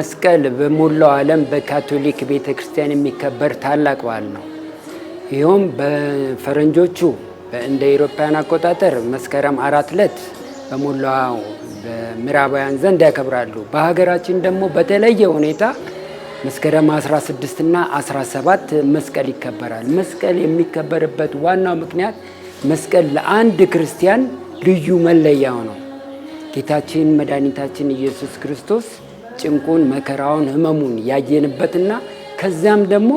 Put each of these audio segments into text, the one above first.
መስቀል በሞላው ዓለም በካቶሊክ ቤተ ክርስቲያን የሚከበር ታላቅ በዓል ነው። ይኸውም በፈረንጆቹ እንደ ኢሮፓውያን አቆጣጠር መስከረም አራት ዕለት በሞላው በምዕራባውያን ዘንድ ያከብራሉ። በሀገራችን ደግሞ በተለየ ሁኔታ መስከረም 16 እና 17 መስቀል ይከበራል። መስቀል የሚከበርበት ዋናው ምክንያት መስቀል ለአንድ ክርስቲያን ልዩ መለያው ነው። ጌታችን መድኃኒታችን ኢየሱስ ክርስቶስ ጭንቁን፣ መከራውን፣ ህመሙን ያየንበትና ከዚያም ደግሞ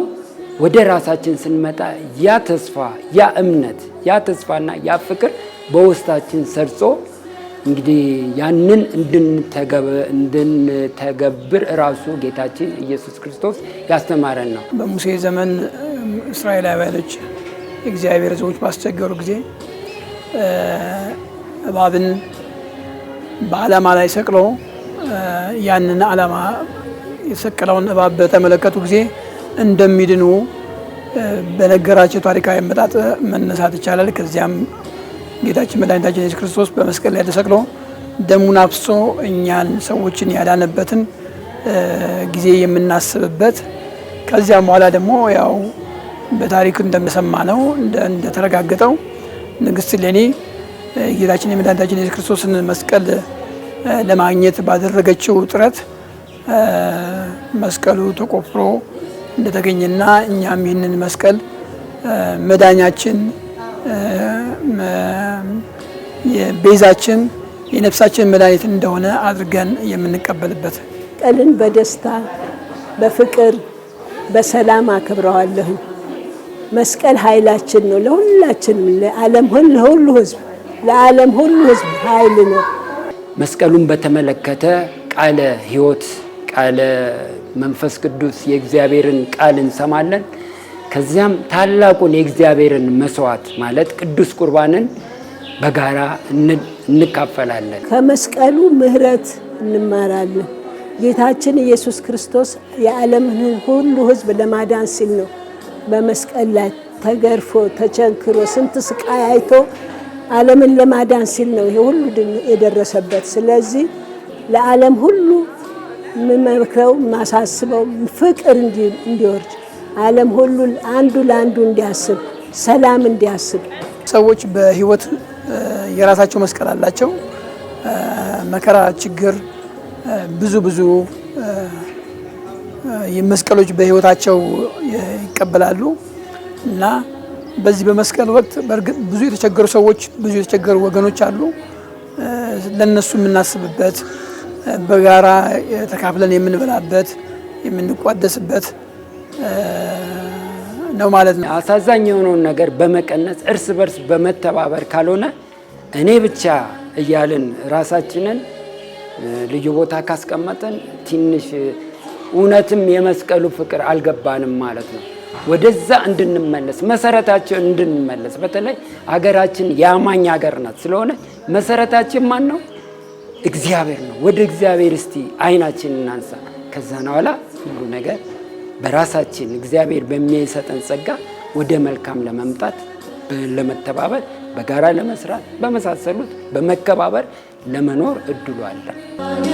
ወደ ራሳችን ስንመጣ ያ ተስፋ ያ እምነት ያ ተስፋና ያ ፍቅር በውስጣችን ሰርጾ እንግዲህ ያንን እንድንተገብር ራሱ ጌታችን ኢየሱስ ክርስቶስ ያስተማረን ነው። በሙሴ ዘመን እስራኤላውያኖች እግዚአብሔር ሰዎች ባስቸገሩ ጊዜ እባብን በዓላማ ላይ ሰቅለው ያንን ዓላማ የሰቀለውን እባብ በተመለከቱ ጊዜ እንደሚድኑ በነገራቸው ታሪካዊ አመጣጥ መነሳት ይቻላል። ከዚያም ጌታችን መድኃኒታችን ኢየሱስ ክርስቶስ በመስቀል ላይ ተሰቅሎ ደሙን አፍሶ እኛን ሰዎችን ያዳነበትን ጊዜ የምናስብበት ከዚያም በኋላ ደግሞ ያው በታሪክ እንደምሰማ ነው እንደተረጋገጠው ንግስት ሌኒ ጌታችን የመድኃኒታችን ኢየሱስ ክርስቶስን መስቀል ለማግኘት ባደረገችው ጥረት መስቀሉ ተቆፍሮ እንደተገኘና እኛም ይህንን መስቀል መዳኛችን፣ ቤዛችን፣ የነፍሳችን መድኃኒት እንደሆነ አድርገን የምንቀበልበት ቀልን በደስታ በፍቅር በሰላም አክብረዋለሁ። መስቀል ኃይላችን ነው። ለሁላችንም ለዓለም ሁሉ ህዝብ ለዓለም ሁሉ ህዝብ ኃይል ነው። መስቀሉን በተመለከተ ቃለ ሕይወት ቃለ መንፈስ ቅዱስ የእግዚአብሔርን ቃል እንሰማለን። ከዚያም ታላቁን የእግዚአብሔርን መስዋዕት ማለት ቅዱስ ቁርባንን በጋራ እንካፈላለን። ከመስቀሉ ምሕረት እንማራለን። ጌታችን ኢየሱስ ክርስቶስ የዓለምን ሁሉ ሕዝብ ለማዳን ሲል ነው በመስቀል ላይ ተገርፎ ተቸንክሮ ስንት ስቃይ አይቶ ዓለምን ለማዳን ሲል ነው ይሄ ሁሉ የደረሰበት። ስለዚህ ለዓለም ሁሉ የምመክረው የማሳስበው ፍቅር እንዲወርድ ዓለም ሁሉ አንዱ ለአንዱ እንዲያስብ፣ ሰላም እንዲያስብ። ሰዎች በህይወት የራሳቸው መስቀል አላቸው። መከራ፣ ችግር፣ ብዙ ብዙ መስቀሎች በህይወታቸው ይቀበላሉ እና በዚህ በመስቀል ወቅት በእርግጥ ብዙ የተቸገሩ ሰዎች ብዙ የተቸገሩ ወገኖች አሉ። ለነሱ የምናስብበት በጋራ ተካፍለን የምንበላበት የምንቋደስበት ነው ማለት ነው። አሳዛኝ የሆነውን ነገር በመቀነስ እርስ በርስ በመተባበር ካልሆነ እኔ ብቻ እያልን ራሳችንን ልዩ ቦታ ካስቀመጥን ትንሽ እውነትም የመስቀሉ ፍቅር አልገባንም ማለት ነው። ወደዛ እንድንመለስ መሰረታችን እንድንመለስ በተለይ ሀገራችን የአማኝ ሀገር ናት። ስለሆነ መሰረታችን ማን ነው? እግዚአብሔር ነው። ወደ እግዚአብሔር እስቲ አይናችን እናንሳ። ከዛ ኋላ ሁሉ ነገር በራሳችን እግዚአብሔር በሚሰጠን ጸጋ ወደ መልካም ለመምጣት ለመተባበር፣ በጋራ ለመስራት፣ በመሳሰሉት በመከባበር ለመኖር እድሉ አለን።